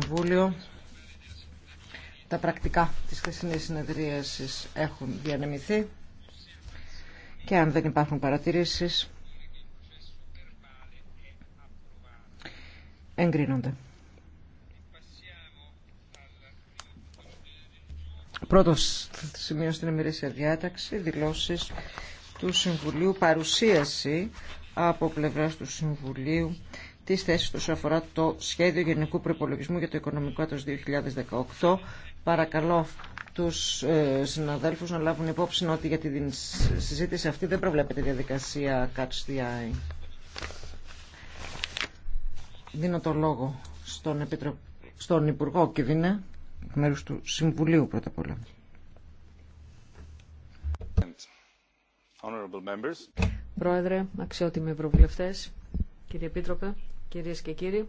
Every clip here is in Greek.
Συμβούλιο. Τα πρακτικά της χθεσινής συνεδρίασης έχουν διανεμηθεί και αν δεν υπάρχουν παρατηρήσεις εγκρίνονται. Πρώτο σημείο στην ημερήσια διάταξη, δηλώσεις του Συμβουλίου, παρουσίαση από πλευράς του Συμβουλίου τι θέσει του αφορά το σχέδιο Γενικού Προπολογισμού για το Οικονομικό έτος 2018. Παρακαλώ του ε, συναδέλφου να λάβουν υπόψη ότι για τη συζήτηση αυτή δεν προβλέπεται διαδικασία catch the eye. Δίνω το λόγο στον, Επιτρο... στον Υπουργό Κιβίνε, εκ του Συμβουλίου πρώτα απ' όλα. Πρόεδρε, αξιότιμοι ευρωβουλευτές, κύριε Επίτροπε, κυρίες και κύριοι.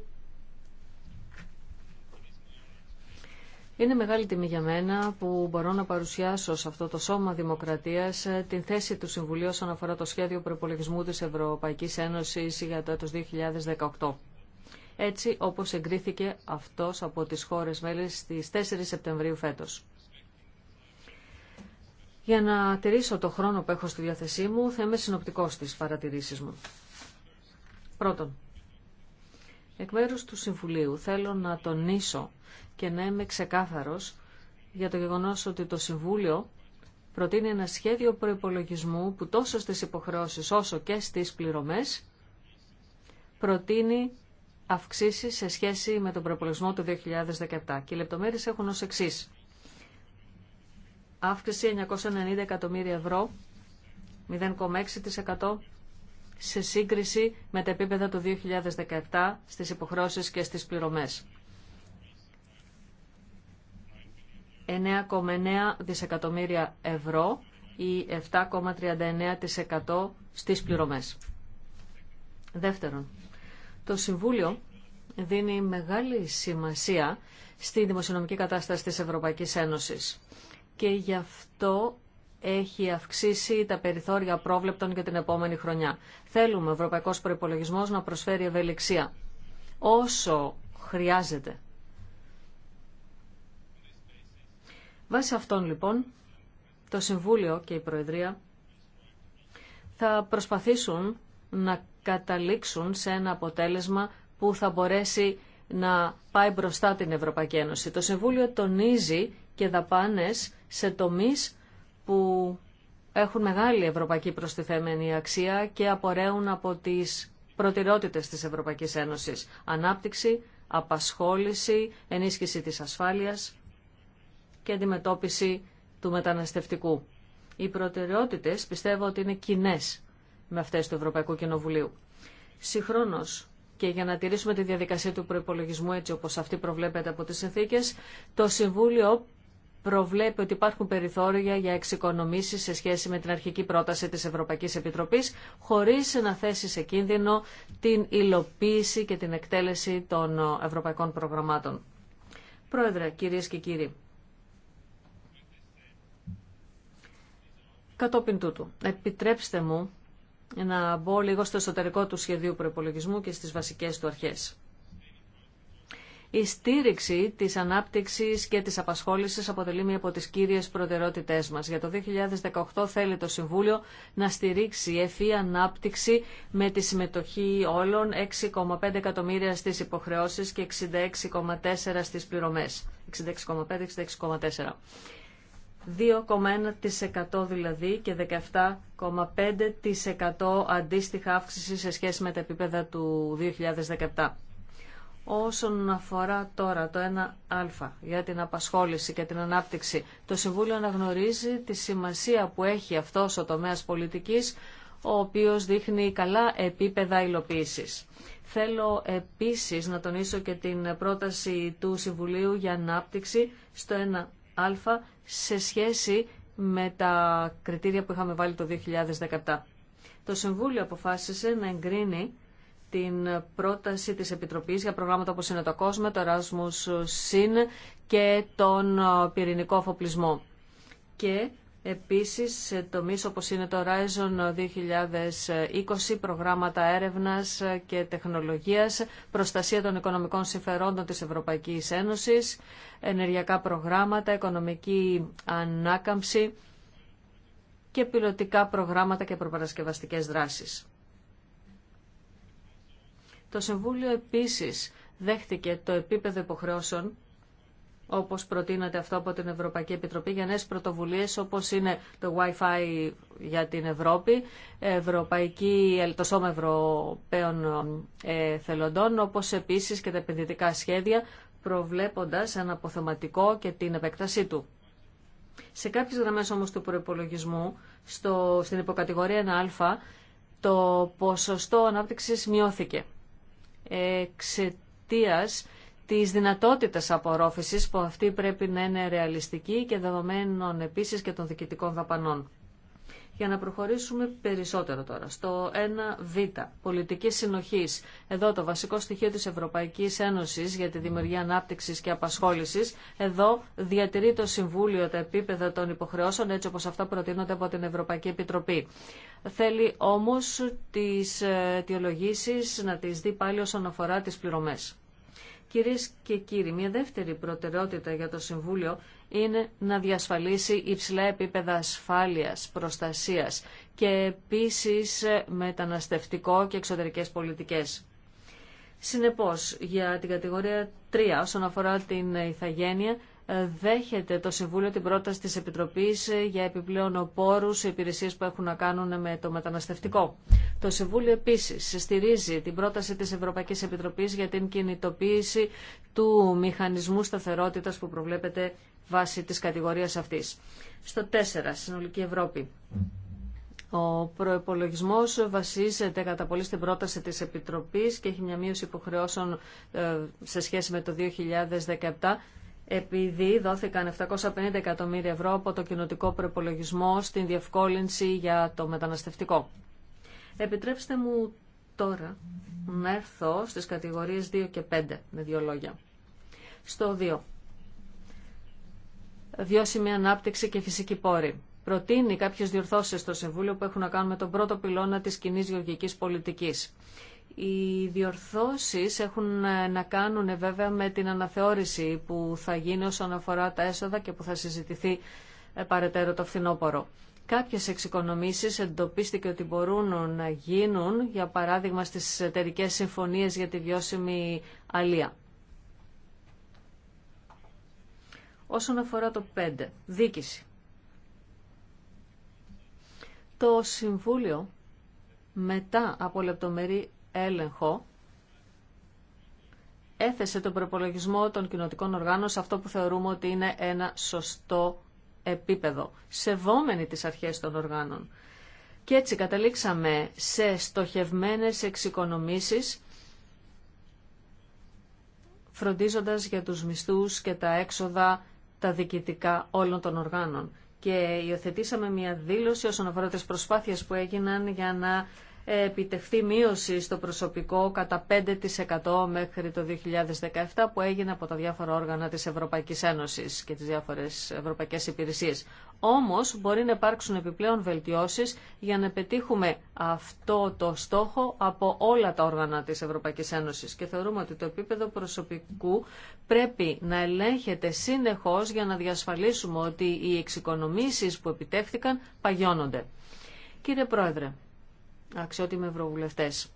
Είναι μεγάλη τιμή για μένα που μπορώ να παρουσιάσω σε αυτό το Σώμα Δημοκρατίας ε, την θέση του Συμβουλίου όσον αφορά το σχέδιο προπολογισμού της Ευρωπαϊκής Ένωσης για το έτος 2018. Έτσι όπως εγκρίθηκε αυτός από τις χώρες μέλη στις 4 Σεπτεμβρίου φέτος. Για να τηρήσω το χρόνο που έχω στη διάθεσή μου, θα είμαι συνοπτικός στις παρατηρήσεις μου. Πρώτον, Εκ μέρου του Συμβουλίου θέλω να τονίσω και να είμαι ξεκάθαρος για το γεγονό ότι το Συμβούλιο προτείνει ένα σχέδιο προϋπολογισμού που τόσο στις υποχρεώσει, όσο και στις πληρωμές προτείνει αυξήσει σε σχέση με τον προπολογισμό του 2017. Και οι λεπτομέρειε έχουν ω εξή. Αύξηση 990 εκατομμύρια ευρώ, 0,6% σε σύγκριση με τα επίπεδα του 2017 στις υποχρώσεις και στις πληρωμές. 9,9 δισεκατομμύρια ευρώ ή 7,39% στις πληρωμές. Δεύτερον, το Συμβούλιο δίνει μεγάλη σημασία στη δημοσιονομική κατάσταση της Ευρωπαϊκής Ένωσης και γι' αυτό έχει αυξήσει τα περιθώρια πρόβλεπτων για την επόμενη χρονιά. Θέλουμε ο Ευρωπαϊκός Προπολογισμό να προσφέρει ευελιξία όσο χρειάζεται. Βάσει αυτών λοιπόν, το Συμβούλιο και η Προεδρία θα προσπαθήσουν να καταλήξουν σε ένα αποτέλεσμα που θα μπορέσει να πάει μπροστά την Ευρωπαϊκή Ένωση. Το Συμβούλιο τονίζει και δαπάνες σε τομείς που έχουν μεγάλη ευρωπαϊκή προστιθέμενη αξία και απορρέουν από τις προτεραιότητες της Ευρωπαϊκής Ένωσης. Ανάπτυξη, απασχόληση, ενίσχυση της ασφάλειας και αντιμετώπιση του μεταναστευτικού. Οι προτεραιότητες πιστεύω ότι είναι κοινέ με αυτές του Ευρωπαϊκού Κοινοβουλίου. Συγχρόνως, και για να τηρήσουμε τη διαδικασία του προπολογισμού έτσι όπως αυτή προβλέπεται από τις συνθήκες, το Συμβούλιο προβλέπει ότι υπάρχουν περιθώρια για εξοικονομήσεις σε σχέση με την αρχική πρόταση της Ευρωπαϊκής Επιτροπής, χωρίς να θέσει σε κίνδυνο την υλοποίηση και την εκτέλεση των ευρωπαϊκών προγραμμάτων. Πρόεδρε, κυρίες και κύριοι, κατόπιν τούτου, επιτρέψτε μου να μπω λίγο στο εσωτερικό του σχεδίου προπολογισμού και στις βασικές του αρχές η στήριξη της ανάπτυξη και της απασχόλησης αποτελεί μία από τις κύριες προτεραιότητές μας. Για το 2018 θέλει το Συμβούλιο να στηρίξει ευφύ ανάπτυξη με τη συμμετοχή όλων 6,5 εκατομμύρια στι υποχρεώσει και 66,4 στι πληρωμές. 66,5-66,4. 2,1% δηλαδή και 17,5% αντίστοιχα αύξηση σε σχέση με τα επίπεδα του 2017. Όσον αφορά τώρα το 1α για την απασχόληση και την ανάπτυξη, το Συμβούλιο αναγνωρίζει τη σημασία που έχει αυτός ο τομέας πολιτικής, ο οποίος δείχνει καλά επίπεδα υλοποίησης. Θέλω επίσης να τονίσω και την πρόταση του Συμβουλίου για ανάπτυξη στο 1α σε σχέση με τα κριτήρια που είχαμε βάλει το 2017. Το Συμβούλιο αποφάσισε να εγκρίνει την πρόταση της Επιτροπής για προγράμματα όπως είναι το κόσμο, το Erasmus SIN και τον ε, πυρηνικό αφοπλισμό. Και επίσης σε τομείς όπως είναι το Horizon 2020, προγράμματα έρευνας και τεχνολογίας, προστασία των οικονομικών συμφερόντων της Ευρωπαϊκής Ένωσης, ενεργειακά προγράμματα, οικονομική ανάκαμψη και πιλωτικά προγράμματα και προπαρασκευαστικές δράσεις. Το Συμβούλιο επίσης δέχτηκε το επίπεδο υποχρεώσεων όπως προτείνεται αυτό από την Ευρωπαϊκή Επιτροπή για νέες πρωτοβουλίες όπως είναι το Wi-Fi για την Ευρώπη, Ευρωπαϊκή, το Σώμα Ευρωπαίων ε, Θελοντών, όπως επίσης και τα επενδυτικά σχέδια προβλέποντας ένα αποθεματικό και την επέκτασή του. Σε κάποιες γραμμές όμως του προπολογισμού, στο, στην υποκατηγορία 1α, το ποσοστό ανάπτυξης μειώθηκε εξαιτία της δυνατότητα απορρόφησης που αυτή πρέπει να είναι ρεαλιστική και δεδομένων επίση και των διοικητικών δαπανών. Για να προχωρήσουμε περισσότερο τώρα στο 1β, πολιτική συνοχή. Εδώ το βασικό στοιχείο τη Ευρωπαϊκή Ένωση για τη δημιουργία ανάπτυξη και απασχόληση. Εδώ διατηρεί το Συμβούλιο τα επίπεδα των υποχρεώσεων έτσι όπω αυτά προτείνονται από την Ευρωπαϊκή Επιτροπή. Θέλει όμω τι αιτιολογήσει να τι δει πάλι όσον αφορά τι πληρωμέ. Κυρίε και κύριοι, μια δεύτερη προτεραιότητα για το Συμβούλιο είναι να διασφαλίσει υψηλά επίπεδα ασφάλειας, προστασίας και επίσης μεταναστευτικό και εξωτερικές πολιτικές. Συνεπώς, για την κατηγορία 3 όσον αφορά την ηθαγένεια, ε, δέχεται το Συμβούλιο την πρόταση της Επιτροπής για επιπλέον πόρους υπηρεσίες που έχουν να κάνουν με το μεταναστευτικό. Το Συμβούλιο επίσης στηρίζει την πρόταση της Ευρωπαϊκής Επιτροπής για την κινητοποίηση του μηχανισμού σταθερότητας που προβλέπεται βάσει της κατηγορίας αυτής. Στο 4, συνολική Ευρώπη. Ο προπολογισμό βασίζεται κατά πολύ στην πρόταση της Επιτροπής και έχει μια μείωση υποχρεώσεων ε, σε σχέση με το 2017 επειδή δόθηκαν 750 εκατομμύρια ευρώ από το κοινοτικό προπολογισμό στην διευκόλυνση για το μεταναστευτικό. Επιτρέψτε μου τώρα να έρθω στις κατηγορίες 2 και 5 με δύο λόγια. Στο 2 βιώσιμη ανάπτυξη και φυσική πόρη. Προτείνει κάποιε διορθώσει στο Συμβούλιο που έχουν να κάνουν με τον πρώτο πυλώνα τη κοινή γεωργική πολιτική. Οι διορθώσει έχουν ε, να κάνουν ε, βέβαια με την αναθεώρηση που θα γίνει όσον αφορά τα έσοδα και που θα συζητηθεί ε, παρετέρω το φθινόπωρο. Κάποιε εξοικονομήσεις εντοπίστηκε ότι μπορούν να γίνουν, για παράδειγμα στι εταιρικέ συμφωνίε για τη βιώσιμη αλία. Όσον αφορά το 5, δίκηση. Το Συμβούλιο μετά από λεπτομερή έλεγχο έθεσε τον προπολογισμό των κοινοτικών οργάνων σε αυτό που θεωρούμε ότι είναι ένα σωστό επίπεδο, σεβόμενοι τις αρχές των οργάνων. Και έτσι καταλήξαμε σε στοχευμένες εξοικονομήσεις, φροντίζοντας για τους μισθούς και τα έξοδα τα διοικητικά όλων των οργάνων. Και υιοθετήσαμε μια δήλωση όσον αφορά τις προσπάθειες που έγιναν για να επιτευχθεί μείωση στο προσωπικό κατά 5% μέχρι το 2017 που έγινε από τα διάφορα όργανα της Ευρωπαϊκής Ένωσης και τις διάφορες ευρωπαϊκές υπηρεσίες. Όμως μπορεί να υπάρξουν επιπλέον βελτιώσεις για να πετύχουμε αυτό το στόχο από όλα τα όργανα της Ευρωπαϊκής Ένωσης και θεωρούμε ότι το επίπεδο προσωπικού πρέπει να ελέγχεται συνεχώς για να διασφαλίσουμε ότι οι εξοικονομήσεις που επιτεύχθηκαν παγιώνονται. Κύριε Πρόεδρε, αξιότιμοι ευρωβουλευτές.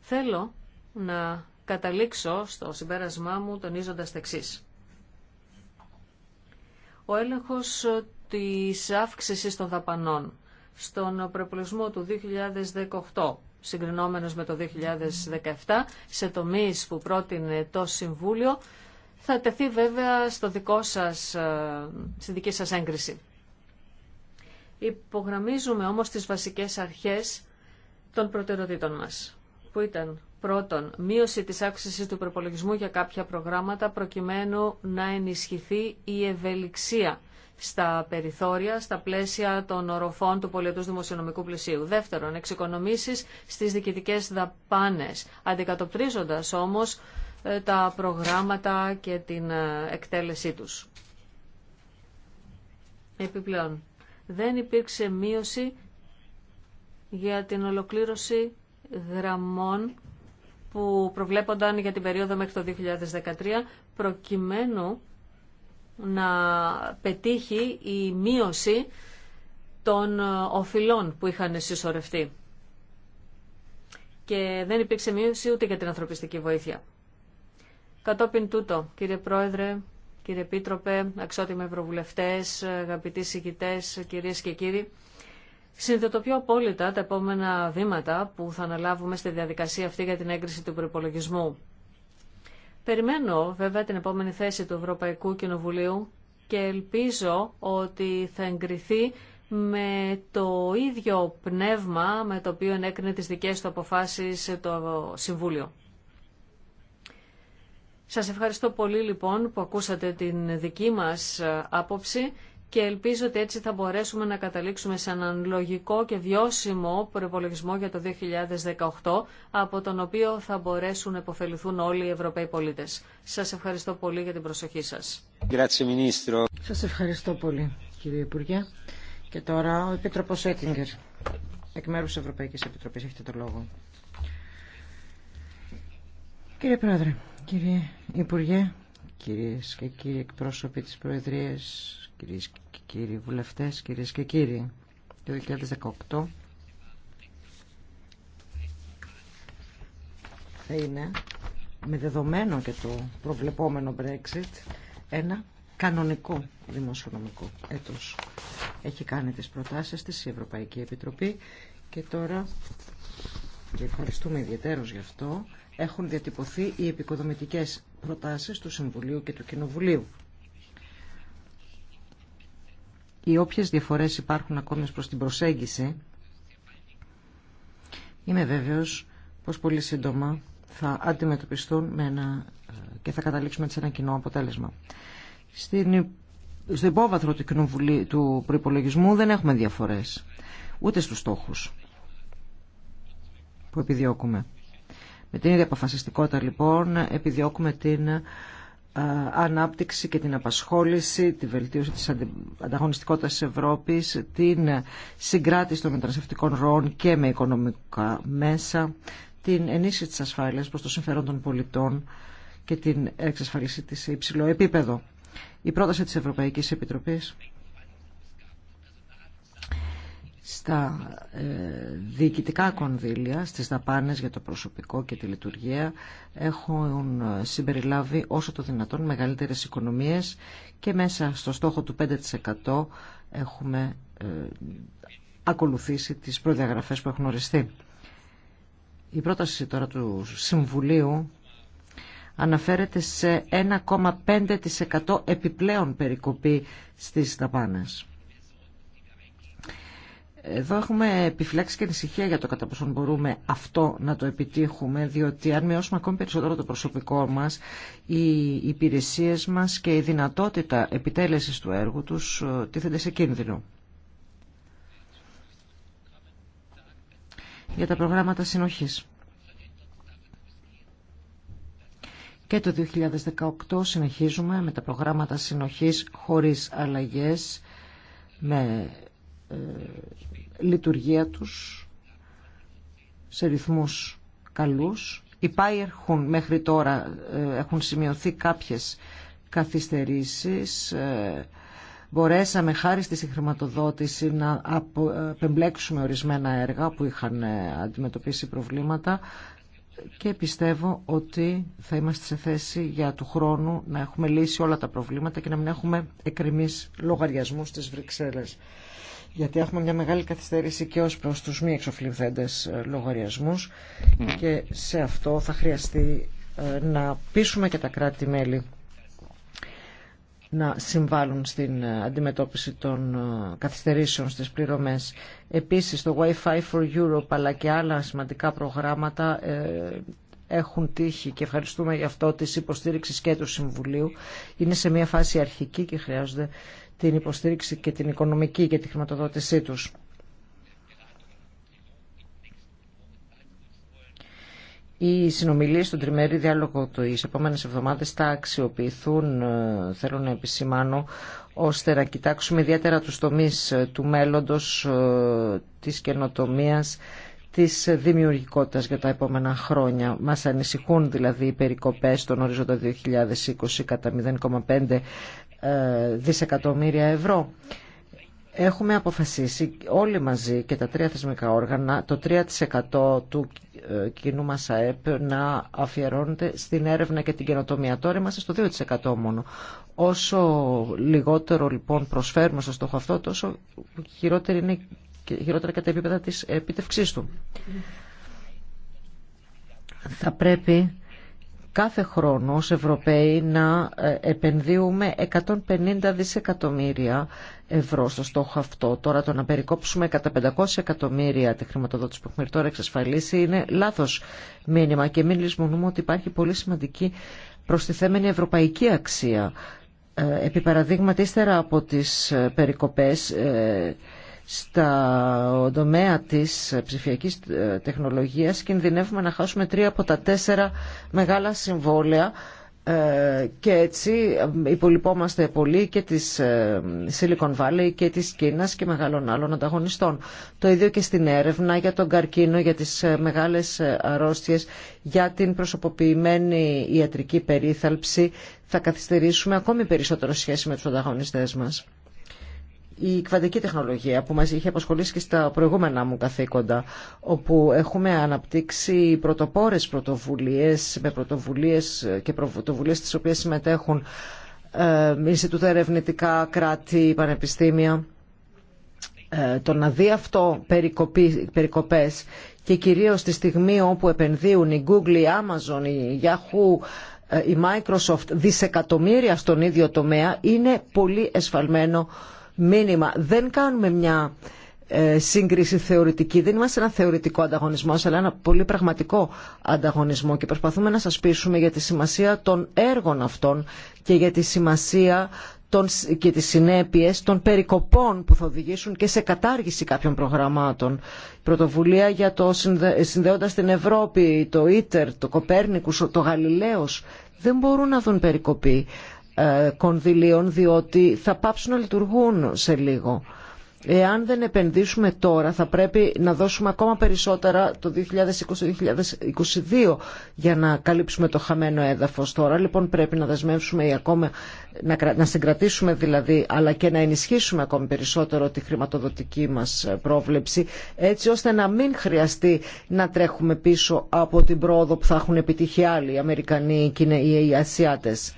Θέλω να καταλήξω στο συμπέρασμά μου τονίζοντας τα Ο έλεγχος της αύξησης των δαπανών στον προπολογισμό του 2018 συγκρινόμενος με το 2017 σε τομείς που πρότεινε το Συμβούλιο θα τεθεί βέβαια στο δικό σας, ε, στη δική σας έγκριση. Υπογραμμίζουμε όμως τις βασικές αρχές των προτεραιοτήτων μας, που ήταν πρώτον μείωση της αύξησης του προπολογισμού για κάποια προγράμματα προκειμένου να ενισχυθεί η ευελιξία στα περιθώρια, στα πλαίσια των οροφών του πολιετούς δημοσιονομικού πλαισίου. Δεύτερον, εξοικονομήσεις στις διοικητικές δαπάνες, αντικατοπτρίζοντας όμως ε, τα προγράμματα και την ε, εκτέλεσή τους. Επιπλέον, δεν υπήρξε μείωση για την ολοκλήρωση γραμμών που προβλέπονταν για την περίοδο μέχρι το 2013 προκειμένου να πετύχει η μείωση των ε, οφειλών που είχαν συσσωρευτεί. Και δεν υπήρξε μείωση ούτε για την ανθρωπιστική βοήθεια. Κατόπιν τούτο, κύριε Πρόεδρε, Κύριε Επίτροπε, αξιότιμοι ευρωβουλευτέ, αγαπητοί συγκητές, κυρίες και κύριοι, συνδετοποιώ απόλυτα τα επόμενα βήματα που θα αναλάβουμε στη διαδικασία αυτή για την έγκριση του προπολογισμού. Περιμένω βέβαια την επόμενη θέση του Ευρωπαϊκού Κοινοβουλίου και ελπίζω ότι θα εγκριθεί με το ίδιο πνεύμα με το οποίο ενέκρινε τις δικές του αποφάσεις το Συμβούλιο. Σας ευχαριστώ πολύ λοιπόν που ακούσατε την δική μας ε, άποψη και ελπίζω ότι έτσι θα μπορέσουμε να καταλήξουμε σε έναν λογικό και βιώσιμο προπολογισμό για το 2018, από τον οποίο θα μπορέσουν να υποφεληθούν όλοι οι Ευρωπαίοι πολίτες. Σας ευχαριστώ πολύ για την προσοχή σας. Σας ευχαριστώ πολύ κύριε Υπουργέ. Και τώρα ο Επίτροπος Έτιγκερ, εκ μέρους της Ευρωπαϊκής Επιτροπής, έχετε το λόγο. Κύριε Πρόεδρε, Κύριε Υπουργέ, κυρίες και κύριοι εκπρόσωποι της Προεδρίας, κυρίες και κύριοι βουλευτές, κυρίες και κύριοι, το 2018 θα είναι με δεδομένο και το προβλεπόμενο Brexit ένα κανονικό δημοσιονομικό έτος. Έχει κάνει τις προτάσεις της η Ευρωπαϊκή Επιτροπή και τώρα και ευχαριστούμε ιδιαίτερως γι' αυτό, έχουν διατυπωθεί οι επικοδομητικές προτάσεις του Συμβουλίου και του Κοινοβουλίου. Οι όποιες διαφορές υπάρχουν ακόμη προς την προσέγγιση, είμαι βέβαιος πως πολύ σύντομα θα αντιμετωπιστούν με ένα, και θα καταλήξουμε σε ένα κοινό αποτέλεσμα. Στην, στο υπόβαθρο του, του προϋπολογισμού δεν έχουμε διαφορές, ούτε στους στόχους που επιδιώκουμε. Με την ίδια αποφασιστικότητα λοιπόν επιδιώκουμε την ε, ανάπτυξη και την απασχόληση, τη βελτίωση της ανταγωνιστικότητας της Ευρώπης, την συγκράτηση των μεταναστευτικών ροών και με οικονομικά μέσα, την ενίσχυση της ασφάλειας προς το συμφέρον των πολιτών και την εξασφάλιση της σε υψηλό επίπεδο. Η πρόταση της Ευρωπαϊκής Επιτροπής στα ε, διοικητικά κονδύλια, στις ταπάνες για το προσωπικό και τη λειτουργία έχουν ε, συμπεριλάβει όσο το δυνατόν μεγαλύτερες οικονομίες και μέσα στο στόχο του 5% έχουμε ε, ακολουθήσει τις προδιαγραφές που έχουν οριστεί. Η πρόταση τώρα του Συμβουλίου αναφέρεται σε 1,5% επιπλέον περικοπή στις δαπάνες. Εδώ έχουμε επιφυλάξει και ανησυχία για το κατά πόσο μπορούμε αυτό να το επιτύχουμε, διότι αν μειώσουμε ακόμη περισσότερο το προσωπικό μας, οι υπηρεσίες μας και η δυνατότητα επιτέλεσης του έργου τους ε, τίθενται σε κίνδυνο. Για τα προγράμματα συνοχής. Και το 2018 συνεχίζουμε με τα προγράμματα συνοχής χωρίς αλλαγές, με ε, λειτουργία τους σε ρυθμούς καλούς. Υπάρχουν μέχρι τώρα, ε, έχουν σημειωθεί κάποιες καθυστερήσεις. Ε, μπορέσαμε χάρη στη συγχρηματοδότηση να απεμπλέξουμε ορισμένα έργα που είχαν αντιμετωπίσει προβλήματα και πιστεύω ότι θα είμαστε σε θέση για του χρόνου να έχουμε λύσει όλα τα προβλήματα και να μην έχουμε εκκρεμείς λογαριασμούς στις Βρυξέλλες γιατί έχουμε μια μεγάλη καθυστέρηση και ως προς τους μη εξοφληθέντες ε, λογαριασμούς ναι. και σε αυτό θα χρειαστεί ε, να πείσουμε και τα κράτη-μέλη να συμβάλλουν στην ε, αντιμετώπιση των καθυστερήσεων στις πληρωμές. Επίσης, το Wi-Fi for Europe αλλά και άλλα σημαντικά προγράμματα έχουν τύχει και ευχαριστούμε γι' αυτό της υποστήριξης και του Συμβουλίου. Είναι σε μια φάση αρχική και χρειάζονται την υποστήριξη και την οικονομική και τη χρηματοδότησή τους. Οι συνομιλίες στον τριμερή διάλογο του τις επόμενες εβδομάδες θα αξιοποιηθούν, ε, θέλω να επισημάνω, ώστε να κοιτάξουμε ιδιαίτερα τους τομείς ε, του μέλλοντος, ε, της καινοτομίας, της δημιουργικότητας για τα επόμενα χρόνια. Μας ανησυχούν δηλαδή οι περικοπές στον ορίζοντα 2020 κατά ε, δισεκατομμύρια ευρώ. Έχουμε αποφασίσει όλοι μαζί και τα τρία θεσμικά όργανα το 3% του ε, κοινού μας ΑΕΠ να αφιερώνεται στην έρευνα και την καινοτομία. Τώρα είμαστε στο 2% μόνο. Όσο λιγότερο λοιπόν προσφέρουμε στο στόχο αυτό, τόσο χειρότερη είναι χειρότερα τα επίπεδα της επίτευξής του. Θα πρέπει κάθε χρόνο ως Ευρωπαίοι να ε, επενδύουμε 150 δισεκατομμύρια ευρώ στο στόχο αυτό. Τώρα το να περικόψουμε κατά 500 εκατομμύρια τη χρηματοδότηση που έχουμε τώρα εξασφαλίσει είναι λάθος μήνυμα και μην λησμονούμε ότι υπάρχει πολύ σημαντική προστιθέμενη ευρωπαϊκή αξία. Ε, επί παραδείγματι, ύστερα από τις ε, περικοπές στα τομέα της ψηφιακής ε, τεχνολογίας κινδυνεύουμε να χάσουμε τρία από τα τέσσερα μεγάλα συμβόλαια ε, και έτσι ε, υπολοιπόμαστε πολύ και της Silicon Valley και της Κίνας και μεγάλων άλλων ανταγωνιστών. Το ίδιο και στην έρευνα για τον καρκίνο, για τις μεγάλες αρρώστιες, για την προσωποποιημένη ιατρική περίθαλψη θα καθυστερήσουμε ακόμη περισσότερο σχέση με τους ανταγωνιστές μας η κβαντική τεχνολογία που μας είχε απασχολήσει και στα προηγούμενα μου καθήκοντα όπου έχουμε αναπτύξει πρωτοπόρες πρωτοβουλίες με πρωτοβουλίες και πρωτοβουλίες τις οποίες συμμετέχουν ε, Ινστιτούτα ερευνητικά, κράτη, πανεπιστήμια ε, το να δει αυτό περικοπή, περικοπές και κυρίως τη στιγμή όπου επενδύουν η Google, η Amazon, η Yahoo ε, η Microsoft δισεκατομμύρια στον ίδιο τομέα είναι πολύ εσφαλμένο μήνυμα. Δεν κάνουμε μια ε, σύγκριση θεωρητική. Δεν είμαστε ένα θεωρητικό ανταγωνισμό, αλλά ένα πολύ πραγματικό ανταγωνισμό και προσπαθούμε να σας πείσουμε για τη σημασία των έργων αυτών και για τη σημασία των, και τις συνέπειες των περικοπών που θα οδηγήσουν και σε κατάργηση κάποιων προγραμμάτων. Η πρωτοβουλία για το συνδε, την Ευρώπη, το ΙΤΕΡ, το Κοπέρνικους, το Γαλιλαίος δεν μπορούν να δουν περικοπή. Ε, κονδυλίων διότι θα πάψουν να λειτουργούν σε λίγο. Εάν δεν επενδύσουμε τώρα θα πρέπει να δώσουμε ακόμα περισσότερα το 2020-2022 για να καλύψουμε το χαμένο έδαφος τώρα. Λοιπόν πρέπει να δεσμεύσουμε ή ακόμα να συγκρατήσουμε δηλαδή αλλά και να ενισχύσουμε ακόμη περισσότερο τη χρηματοδοτική μας πρόβλεψη έτσι ώστε να μην χρειαστεί να τρέχουμε πίσω από την πρόοδο που θα έχουν επιτύχει άλλοι οι Αμερικανοί, οι Ασιάτες.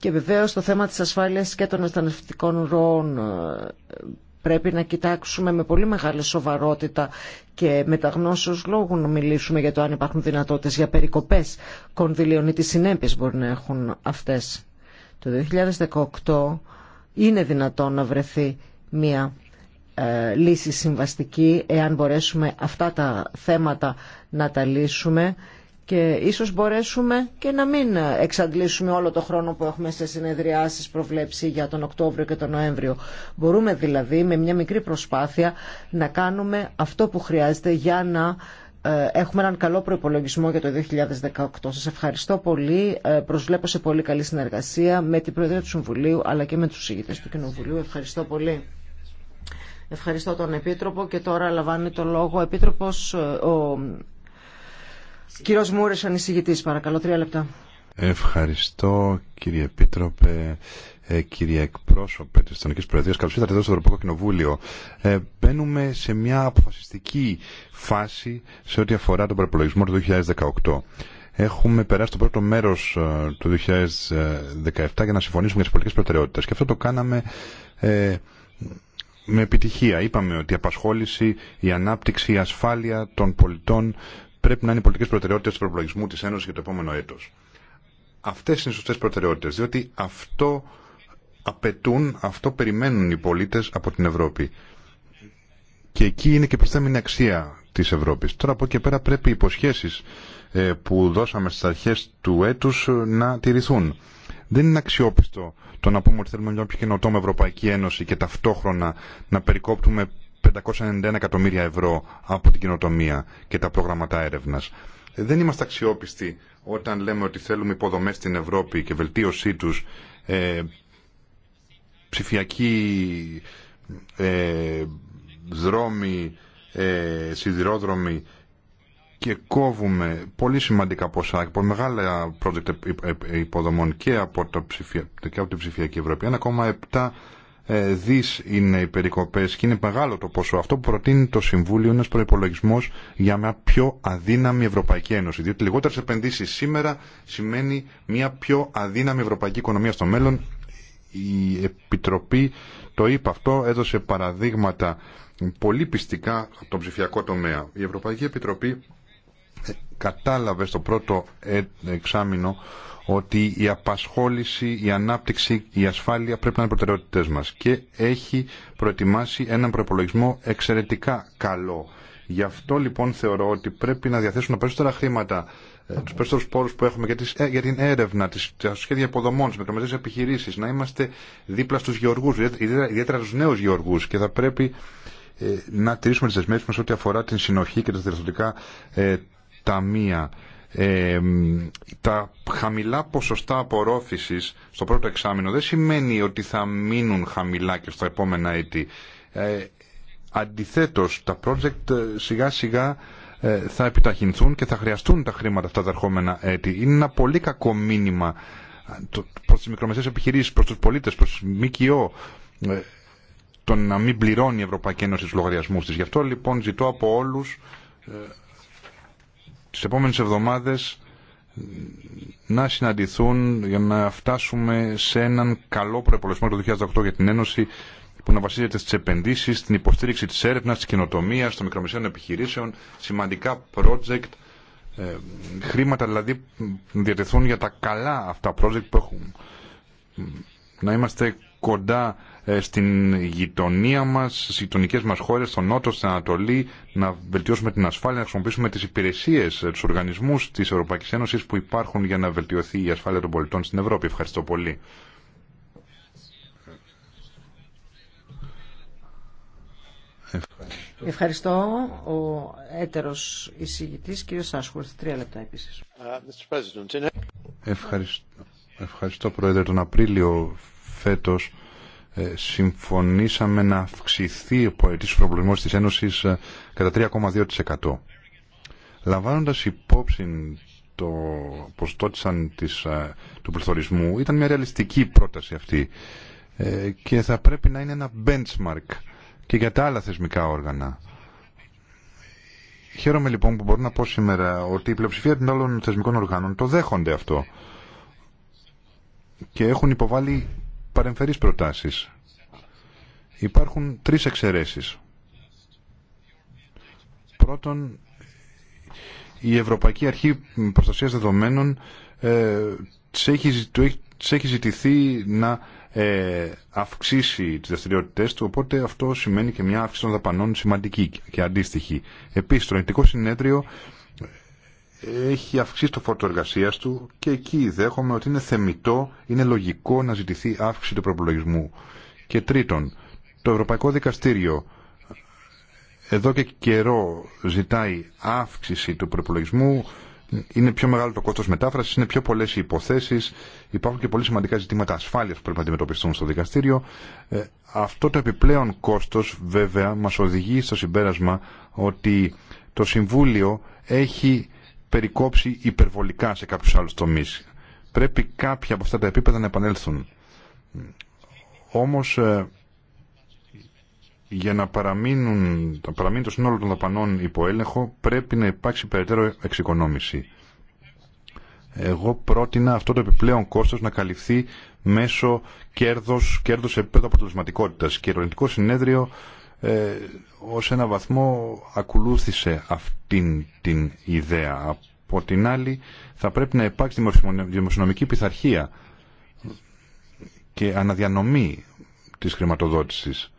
Και βεβαίως το θέμα της ασφάλειας και των αισθανευτικών ροών ε, πρέπει να κοιτάξουμε με πολύ μεγάλη σοβαρότητα και με μεταγνώσεως λόγου να μιλήσουμε για το αν υπάρχουν δυνατότητε για περικοπές κονδυλίων ή τι συνέπειε μπορεί να έχουν αυτές. Το 2018 είναι δυνατόν να βρεθεί μια ε, λύση συμβαστική εάν μπορέσουμε αυτά τα θέματα να τα λύσουμε και ίσως μπορέσουμε και να μην εξαντλήσουμε όλο το χρόνο που έχουμε σε συνεδριάσεις προβλέψει για τον Οκτώβριο και τον Νοέμβριο. Μπορούμε δηλαδή με μια μικρή προσπάθεια να κάνουμε αυτό που χρειάζεται για να ε, έχουμε έναν καλό προπολογισμό για το 2018. Σας ευχαριστώ πολύ. Ε, προσβλέπω σε πολύ καλή συνεργασία με την Προεδρία του Συμβουλίου αλλά και με τους ηγητές του Κοινοβουλίου. Ευχαριστώ πολύ. Ευχαριστώ τον Επίτροπο και τώρα λαμβάνει το λόγο ο Επίτροπος, ε, Κύριος Μούρης, ανησυχητής, παρακαλώ, τρία λεπτά. Ευχαριστώ κύριε Επίτροπε, ε, κύριε εκπρόσωπε της Ιστονικής Προεδρίας. Καλώς ήρθατε εδώ στο Ευρωπαϊκό Κοινοβούλιο. Ε, μπαίνουμε σε μια αποφασιστική φάση σε ό,τι αφορά τον προπολογισμό του 2018. Έχουμε περάσει το πρώτο μέρο ε, του 2017 για να συμφωνήσουμε για τι πολιτικέ προτεραιότητε. Και αυτό το κάναμε ε, με επιτυχία. Είπαμε ότι η απασχόληση, η ανάπτυξη, η ασφάλεια των πολιτών πρέπει να είναι οι πολιτικέ προτεραιότητε του προπολογισμού τη Ένωση για το επόμενο έτο. Αυτέ είναι οι σωστέ προτεραιότητε, διότι αυτό απαιτούν, αυτό περιμένουν οι πολίτε από την Ευρώπη. Και εκεί είναι και η αξία τη Ευρώπη. Τώρα από εκεί και πέρα πρέπει οι υποσχέσει ε, που δώσαμε στι αρχέ του έτου ε, να τηρηθούν. Δεν είναι αξιόπιστο το να πούμε ότι θέλουμε μια πιο καινοτόμη Ευρωπαϊκή Ένωση και ταυτόχρονα να περικόπτουμε 591 εκατομμύρια ευρώ από την κοινοτομία και τα προγράμματα έρευνας. Δεν είμαστε αξιόπιστοι όταν λέμε ότι θέλουμε υποδομές στην Ευρώπη και βελτίωσή τους, ε, ψηφιακή ε, δρόμοι, ε, σιδηρόδρομοι και κόβουμε πολύ σημαντικά ποσά από μεγάλα project ε, ε, υποδομών και από, το και από την ψηφιακή Ευρώπη. 1,7 ε, δις είναι οι περικοπέ και είναι μεγάλο το ποσό. Αυτό που προτείνει το Συμβούλιο είναι ένα προπολογισμό για μια πιο αδύναμη Ευρωπαϊκή Ένωση. Διότι λιγότερε επενδύσει σήμερα σημαίνει μια πιο αδύναμη Ευρωπαϊκή Οικονομία στο μέλλον. Η Επιτροπή το είπε αυτό, έδωσε παραδείγματα πολύ πιστικά από τον ψηφιακό τομέα. Η Ευρωπαϊκή Επιτροπή κατάλαβε στο πρώτο ε, εξάμεινο ότι η απασχόληση, η ανάπτυξη, η ασφάλεια πρέπει να είναι προτεραιότητες μας και έχει προετοιμάσει έναν προπολογισμό εξαιρετικά καλό. Γι' αυτό λοιπόν θεωρώ ότι πρέπει να διαθέσουμε περισσότερα χρήματα ε, του περισσότερου πόρου που έχουμε ε, για, την έρευνα, τις, τα σχέδια υποδομών, τι μικρομεσαίε επιχειρήσει, να είμαστε δίπλα στου γεωργού, ιδιαίτερα στου νέου γεωργού και θα πρέπει ε, να τηρήσουμε τις δεσμεύσεις μας ό,τι αφορά την συνοχή και τα διευθυντικά ταμεία. Ε, τα χαμηλά ποσοστά απορρόφησης στο πρώτο εξάμεινο δεν σημαίνει ότι θα μείνουν χαμηλά και στα επόμενα έτη. Ε, αντιθέτως, τα project ε, σιγά σιγά ε, θα επιταχυνθούν και θα χρειαστούν τα χρήματα αυτά τα ερχόμενα έτη. Είναι ένα πολύ κακό μήνυμα ε, προς τις μικρομεσαίες επιχειρήσεις, προς τους πολίτες, προς ΜΚΟ το να μην πληρώνει η Ευρωπαϊκή Ένωση τους λογαριασμούς της. Γι' αυτό λοιπόν ζητώ από όλους τις επόμενες εβδομάδες να συναντηθούν για να φτάσουμε σε έναν καλό προεπολογισμό το 2008 για την Ένωση που να βασίζεται στις επενδύσεις, στην υποστήριξη της έρευνας, της κοινοτομίας, των μικρομεσαίων επιχειρήσεων, σημαντικά project, ε, χρήματα δηλαδή διατεθούν για τα καλά αυτά project που έχουν. Να είμαστε κοντά ε, στην γειτονία μας, στις γειτονικέ μας χώρες, στον Νότο, στην Ανατολή, να βελτιώσουμε την ασφάλεια, να χρησιμοποιήσουμε τις υπηρεσίες, ε, του οργανισμού τη Ευρωπαϊκή Ένωση που υπάρχουν για να βελτιωθεί η ασφάλεια των πολιτών στην Ευρώπη. Ευχαριστώ πολύ. Ευχαριστώ. Ο έτερος εισηγητής, κύριος Σάσχουρθ, τρία λεπτά επίσης. Uh, ευχαριστώ. Ευχαριστώ, Πρόεδρε. Τον Απρίλιο φέτος ε, συμφωνήσαμε να αυξηθεί ο ετήσιος της Ένωσης ε, κατά 3,2%. Λαμβάνοντας υπόψη το ποστό της, ε, του πληθωρισμού, ήταν μια ρεαλιστική πρόταση αυτή και θα πρέπει να είναι ένα benchmark και για τα άλλα θεσμικά όργανα. Χαίρομαι λοιπόν που μπορώ να πω σήμερα ότι η πλειοψηφία των άλλων θεσμικών οργάνων το δέχονται αυτό και έχουν υποβάλει παρεμφερείς προτάσεις. Υπάρχουν τρεις εξαιρέσεις. Πρώτον, η Ευρωπαϊκή Αρχή Προστασίας Δεδομένων ε, της έχει ζητηθεί να ε, αυξήσει τις δραστηριότητε του, οπότε αυτό σημαίνει και μια αύξηση των δαπανών σημαντική και αντίστοιχη. Επίσης, το Ελληνικό Συνέδριο έχει αυξήσει το φόρτο εργασία του και εκεί δέχομαι ότι είναι θεμητό, είναι λογικό να ζητηθεί αύξηση του προπολογισμού. Και τρίτον, το Ευρωπαϊκό Δικαστήριο εδώ και καιρό ζητάει αύξηση του προπολογισμού, είναι πιο μεγάλο το κόστος μετάφρασης, είναι πιο πολλές οι υποθέσει. υπάρχουν και πολύ σημαντικά ζητήματα ασφάλεια που πρέπει να αντιμετωπιστούν στο δικαστήριο. Ε, αυτό το επιπλέον κόστο βέβαια μα οδηγεί στο συμπέρασμα ότι το Συμβούλιο έχει περικόψει υπερβολικά σε κάποιους άλλους τομείς. Πρέπει κάποια από αυτά τα επίπεδα να επανέλθουν. Όμως ε, για να παραμείνουν, να παραμείνει το σύνολο των δαπανών υπό έλεγχο πρέπει να υπάρξει περαιτέρω εξοικονόμηση. Εγώ πρότεινα αυτό το επιπλέον κόστος να καλυφθεί μέσω κέρδος, κέρδος επίπεδο αποτελεσματικότητας και το συνέδριο ε, ως ένα βαθμό ακολούθησε αυτήν την ιδέα. Από την άλλη θα πρέπει να υπάρξει δημοσιονομική πειθαρχία και αναδιανομή της χρηματοδότησης.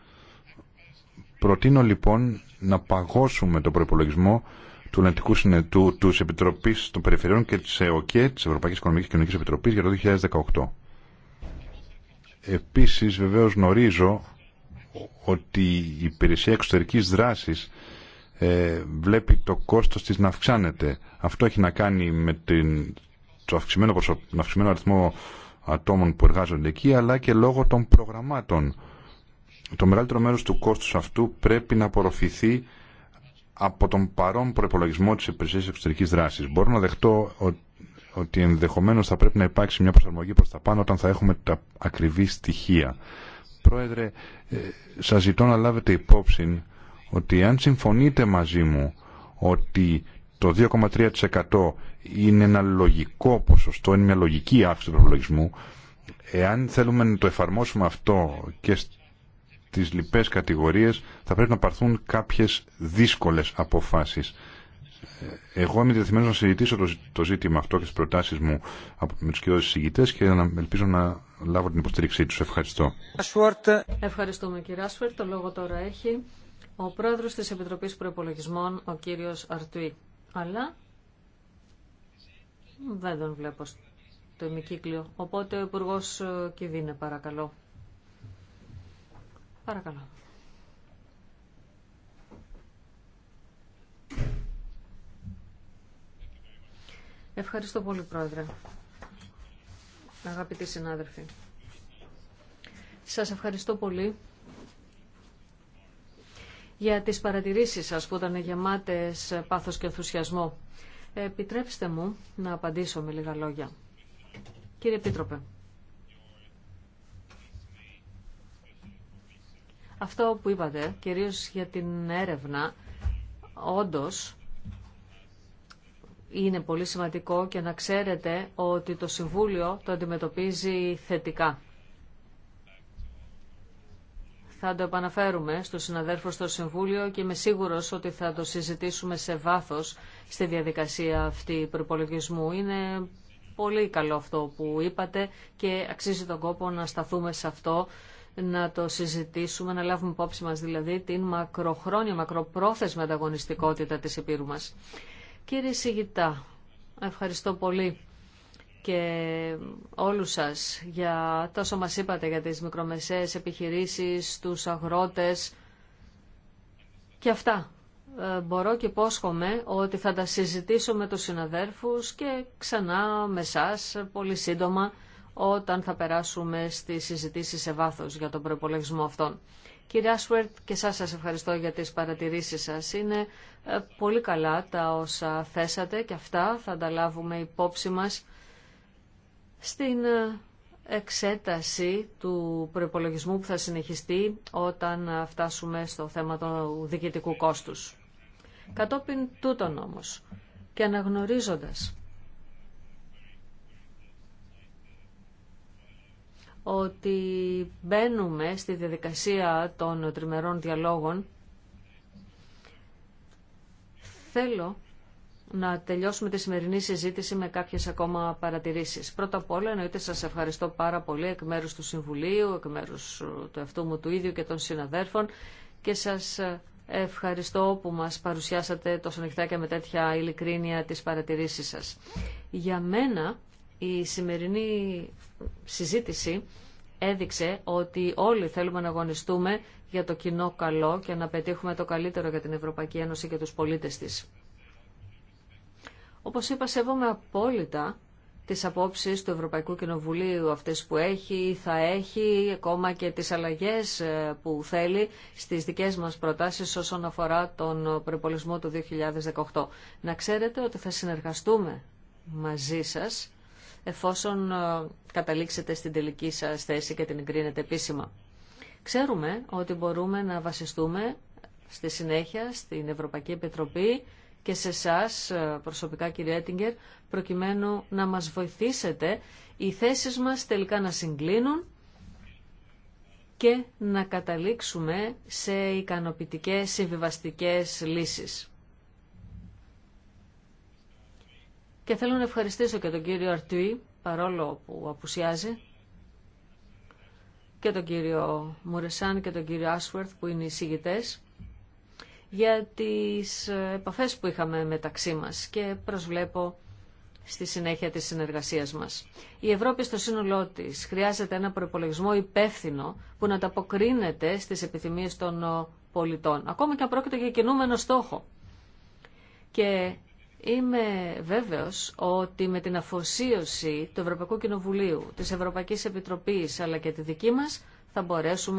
Προτείνω λοιπόν να παγώσουμε τον προπολογισμό του Ελληνικού Συνετού, του Επιτροπής των Περιφερειών και της ΕΟΚΕ, της Ευρωπαϊκής Οικονομικής και Κοινωνική Επιτροπή, για το 2018. Επίσης, βεβαίως, γνωρίζω ότι η υπηρεσία εξωτερικής δράσης ε, βλέπει το κόστος της να αυξάνεται. Αυτό έχει να κάνει με την, το αυξημένο, προσω... τον αυξημένο αριθμό ατόμων που εργάζονται εκεί, αλλά και λόγω των προγραμμάτων. Το μεγαλύτερο μέρος του κόστους αυτού πρέπει να απορροφηθεί από τον παρόν προπολογισμό της υπηρεσίας εξωτερικής δράσης. Μπορώ να δεχτώ ότι ενδεχομένως θα πρέπει να υπάρξει μια προσαρμογή προς τα πάνω όταν θα έχουμε τα ακριβή στοιχεία. Πρόεδρε, ε, σας ζητώ να λάβετε υπόψη ότι αν συμφωνείτε μαζί μου ότι το 2,3% είναι ένα λογικό ποσοστό, είναι μια λογική αύξηση του προπολογισμού, εάν θέλουμε να το εφαρμόσουμε αυτό και στις λοιπές κατηγορίες, θα πρέπει να παρθούν κάποιες δύσκολες αποφάσεις. Εγώ είμαι διατεθειμένος να συζητήσω το, ζήτημα αυτό και τις προτάσεις μου με τους κυρίως συζητητές και να, ελπίζω να λάβω την υποστήριξή τους. Ευχαριστώ. Ευχαριστούμε κύριε Άσφερ. Το λόγο τώρα έχει ο πρόεδρος της Επιτροπής Προπολογισμών, ο κύριος Αρτουή. Αλλά δεν τον βλέπω στο ημικύκλιο. Οπότε ο Υπουργός ε, Κιδίνε, παρακαλώ. Παρακαλώ. Ευχαριστώ πολύ, Πρόεδρε. Αγαπητοί συνάδελφοι. Σας ευχαριστώ πολύ για τις παρατηρήσεις σας που ήταν γεμάτες πάθος και ενθουσιασμό. Επιτρέψτε μου να απαντήσω με λίγα λόγια. Κύριε Επίτροπε, αυτό που είπατε, κυρίως για την έρευνα, όντως είναι πολύ σημαντικό και να ξέρετε ότι το Συμβούλιο το αντιμετωπίζει θετικά. Θα το επαναφέρουμε στο συναδέλφο στο Συμβούλιο και είμαι σίγουρος ότι θα το συζητήσουμε σε βάθος στη διαδικασία αυτή προπολογισμού. Είναι πολύ καλό αυτό που είπατε και αξίζει τον κόπο να σταθούμε σε αυτό, να το συζητήσουμε, να λάβουμε υπόψη μας δηλαδή την μακροχρόνια, μακροπρόθεσμη ανταγωνιστικότητα της Επίρου μας. Κύριε Σιγητά, ευχαριστώ πολύ και όλους σας για τόσο μας είπατε για τις μικρομεσαίες επιχειρήσεις, τους αγρότες και αυτά. Ε, μπορώ και υπόσχομαι ότι θα τα συζητήσω με τους συναδέρφους και ξανά με σας πολύ σύντομα όταν θα περάσουμε στις συζητήσεις σε βάθος για τον προπολογισμό αυτών. Κύριε Άσουερτ, και σας σας ευχαριστώ για τις παρατηρήσεις σας. Είναι ε, πολύ καλά τα όσα θέσατε και αυτά θα τα υπόψη μας στην ε, εξέταση του προπολογισμού που θα συνεχιστεί όταν ε, φτάσουμε στο θέμα του διοικητικού κόστους. Κατόπιν τούτον όμως και αναγνωρίζοντας ότι μπαίνουμε στη διαδικασία των τριμερών διαλόγων. Θέλω να τελειώσουμε τη σημερινή συζήτηση με κάποιες ακόμα παρατηρήσεις. Πρώτα απ' όλα, εννοείται σας ευχαριστώ πάρα πολύ εκ μέρους του Συμβουλίου, εκ μέρους ε, του εαυτού μου του ίδιου και των συναδέρφων και σας ε, ευχαριστώ που μας παρουσιάσατε τόσο νυχτά και με τέτοια ειλικρίνεια τις παρατηρήσεις σας. Για μένα η σημερινή συζήτηση έδειξε ότι όλοι θέλουμε να αγωνιστούμε για το κοινό καλό και να πετύχουμε το καλύτερο για την Ευρωπαϊκή Ένωση και τους πολίτες της. Όπως είπα, σέβομαι απόλυτα τις απόψεις του Ευρωπαϊκού Κοινοβουλίου, αυτές που έχει, θα έχει, ακόμα και τις αλλαγές ε, που θέλει στις δικές μας προτάσεις όσον αφορά τον προπολισμό του 2018. Να ξέρετε ότι θα συνεργαστούμε μαζί σας εφόσον ε, καταλήξετε στην τελική σας θέση και την εγκρίνετε επίσημα. Ξέρουμε ότι μπορούμε να βασιστούμε στη συνέχεια στην Ευρωπαϊκή Επιτροπή και σε εσά ε, προσωπικά κύριε Έτιγκερ προκειμένου να μας βοηθήσετε οι θέσεις μας τελικά να συγκλίνουν και να καταλήξουμε σε ικανοποιητικές συμβιβαστικές λύσεις. Και θέλω να ευχαριστήσω και τον κύριο Αρτουή, παρόλο που απουσιάζει, και τον κύριο Μουρεσάν και τον κύριο Άσουερθ που είναι οι για τις ε, επαφές που είχαμε μεταξύ μας και προσβλέπω στη συνέχεια της συνεργασίας μας. Η Ευρώπη στο σύνολό της χρειάζεται ένα προπολογισμό υπεύθυνο που να ταποκρίνεται στις επιθυμίες των ε, πολιτών, ακόμα και αν πρόκειται για κινούμενο στόχο. Και Είμαι βέβαιος ότι με την αφοσίωση του Ευρωπαϊκού Κοινοβουλίου, της Ευρωπαϊκής Επιτροπής αλλά και τη δική μας θα μπορέσουμε